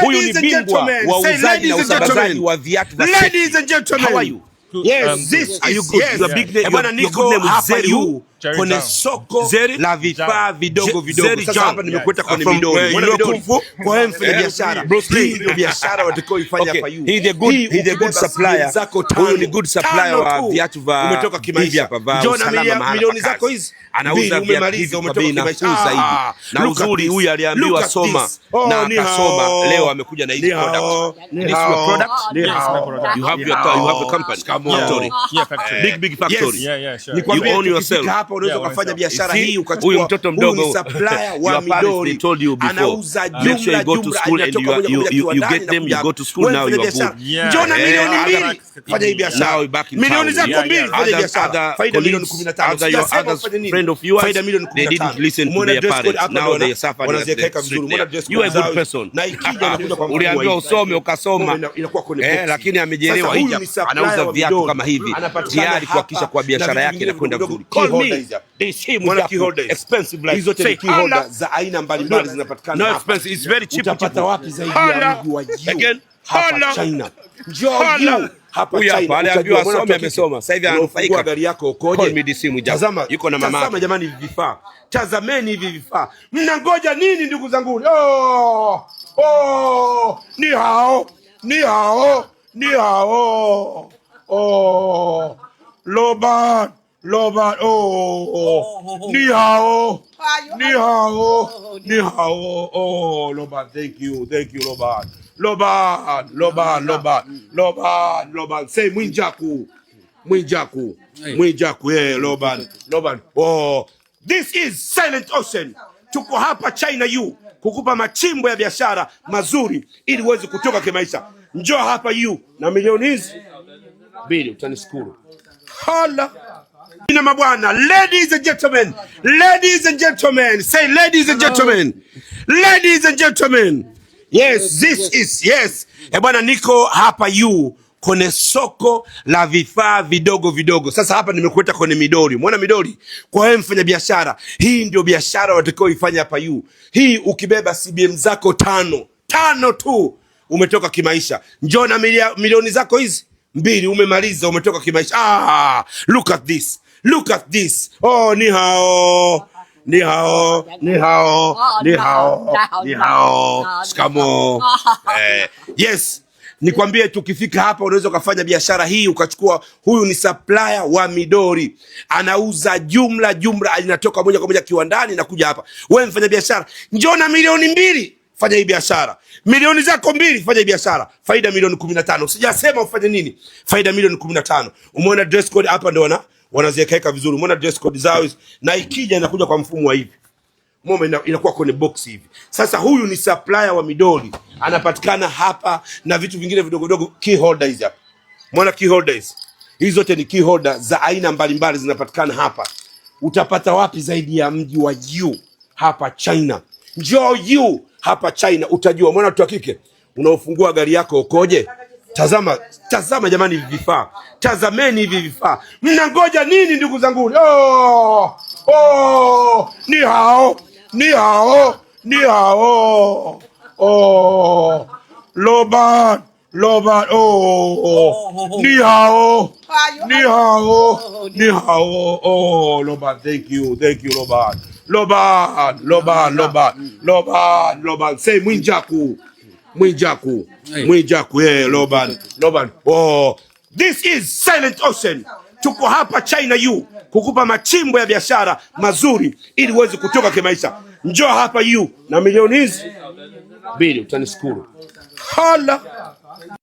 Huyu ni bingwa wa uuzaji na usambazaji wa viatu vya How are you? Yes, um, this is yes. Eh, bwana Nico, hapa you kwenye soko Zeri, la vifaa vidogo vidogo. hapa nimekuta kwenye midoli, kwa mfanya biashara, biashara he the good supplier. Huyu ni good supplier wa viatu vya umetoka kimaisha hapa, milioni zako hizi anauza viatu zaidi. Ah, na uzuri huyu aliambiwa soma na oh, akasoma, leo amekuja na hii product. This product, you have your you have a company, big big factory, you own yourself hapa unaweza yeah, ukafanya biashara hii ukachukua huyu mtoto mdogo supplier wa midori anauza jumla jumla, anatoka moja moja kiwandani na go to school now you are good. Njona eh, milioni mbili fanya hii biashara, milioni zako mbili fanya biashara, faida milioni 15, friend of yours faida milioni 15. They didn't listen to their parents, now they suffer. Wanaziweka vizuri, you are a good person. Na ikija anakuja ah, kwa uliambiwa usome ukasoma, inakuwa kwenye eh, lakini amejelewa, hija anauza viatu kama hivi tayari kuhakikisha kwa biashara yake inakwenda vizuri. Call me za aina mbalimbali zinapatikana hapa. No expensive, hivi yuko na mama. Tazama jamani hivi vifaa. Tazameni hivi vifaa. Mnangoja nini ndugu zangu? Oh! Oh! Ni hao. Ni hao. Ni hao. Oh! Loban loba oh oh, ni hao ni hao ni hao oh loba thank you thank you loba loba loba loba loba mm. loba say mwinjaku mwinjaku mwinjaku yeah, loba loba oh this is silent ocean tuko hapa China you kukupa machimbo ya biashara mazuri ili uweze kutoka kimaisha njoo hapa you na milioni hizi mbili utanishukuru hala na mabwana, ladies and gentlemen, ladies and gentlemen, say ladies and gentlemen, ladies and gentlemen. Yes, this is yes. Eh, bwana, niko hapa yu kwenye soko la vifaa vidogo vidogo. Sasa hapa nimekuleta kwenye midori. Umeona midori? Kwa wewe mfanya biashara, hii ndio biashara watakaoifanya hapa yu. Hii ukibeba CBM zako tano, tano tu umetoka kimaisha. Njoo na milioni zako hizi mbili, umemaliza, umetoka kimaisha. Ah, look at this, look at this. Oh, ni hao ni hao ni hao ni hao ni hao, shikamo. Eh, yes Nikwambie, tukifika hapa unaweza ukafanya biashara hii ukachukua. Huyu ni supplier wa midori, anauza jumla jumla, linatoka moja kwa moja kiwandani na kuja hapa. Wewe mfanya biashara, njoo na milioni mbili fanya hii biashara. Milioni zako mbili, fanya hii biashara, faida milioni kumi na tano. Sijasema ufanye nini, faida milioni kumi na tano. Umeona dress code hapa, ndo wana wanaziekaeka vizuri. Umeona dress code zao hizi, na ikija inakuja kwa mfumo wa hivi moma inakuwa kwenye box hivi. Sasa huyu ni supplier wa midoli, anapatikana hapa na vitu vingine vidogo vidogo, key holder hizi hapa. Umeona key holder hizi, hizi zote ni key holder za aina mbalimbali, zinapatikana hapa. Utapata wapi zaidi ya mji wa Jiu hapa China? Njoo Jiu hapa China utajua mwana wa kike unaofungua gari yako ukoje. Tazama, tazama jamani, hivi vifaa, tazameni hivi vifaa. Mnangoja nini ndugu zangu? Oh, oh, ni hao, ni hao, ni hao. Oh, loba loba oh, ni hao, ni hao, ni hao. Oh, loba thank you, thank you loba Loban, Loban, Loban, Loban, mm. Loban. Say Mwijaku. Mwijaku. Mwijaku. Yeah, Loban. Loban. Oh. This is Silent Ocean. Tuko hapa China U kukupa machimbo ya biashara mazuri ili uweze kutoka kimaisha. Njoo hapa U na milioni hizi mbili utanishukuru. Hala.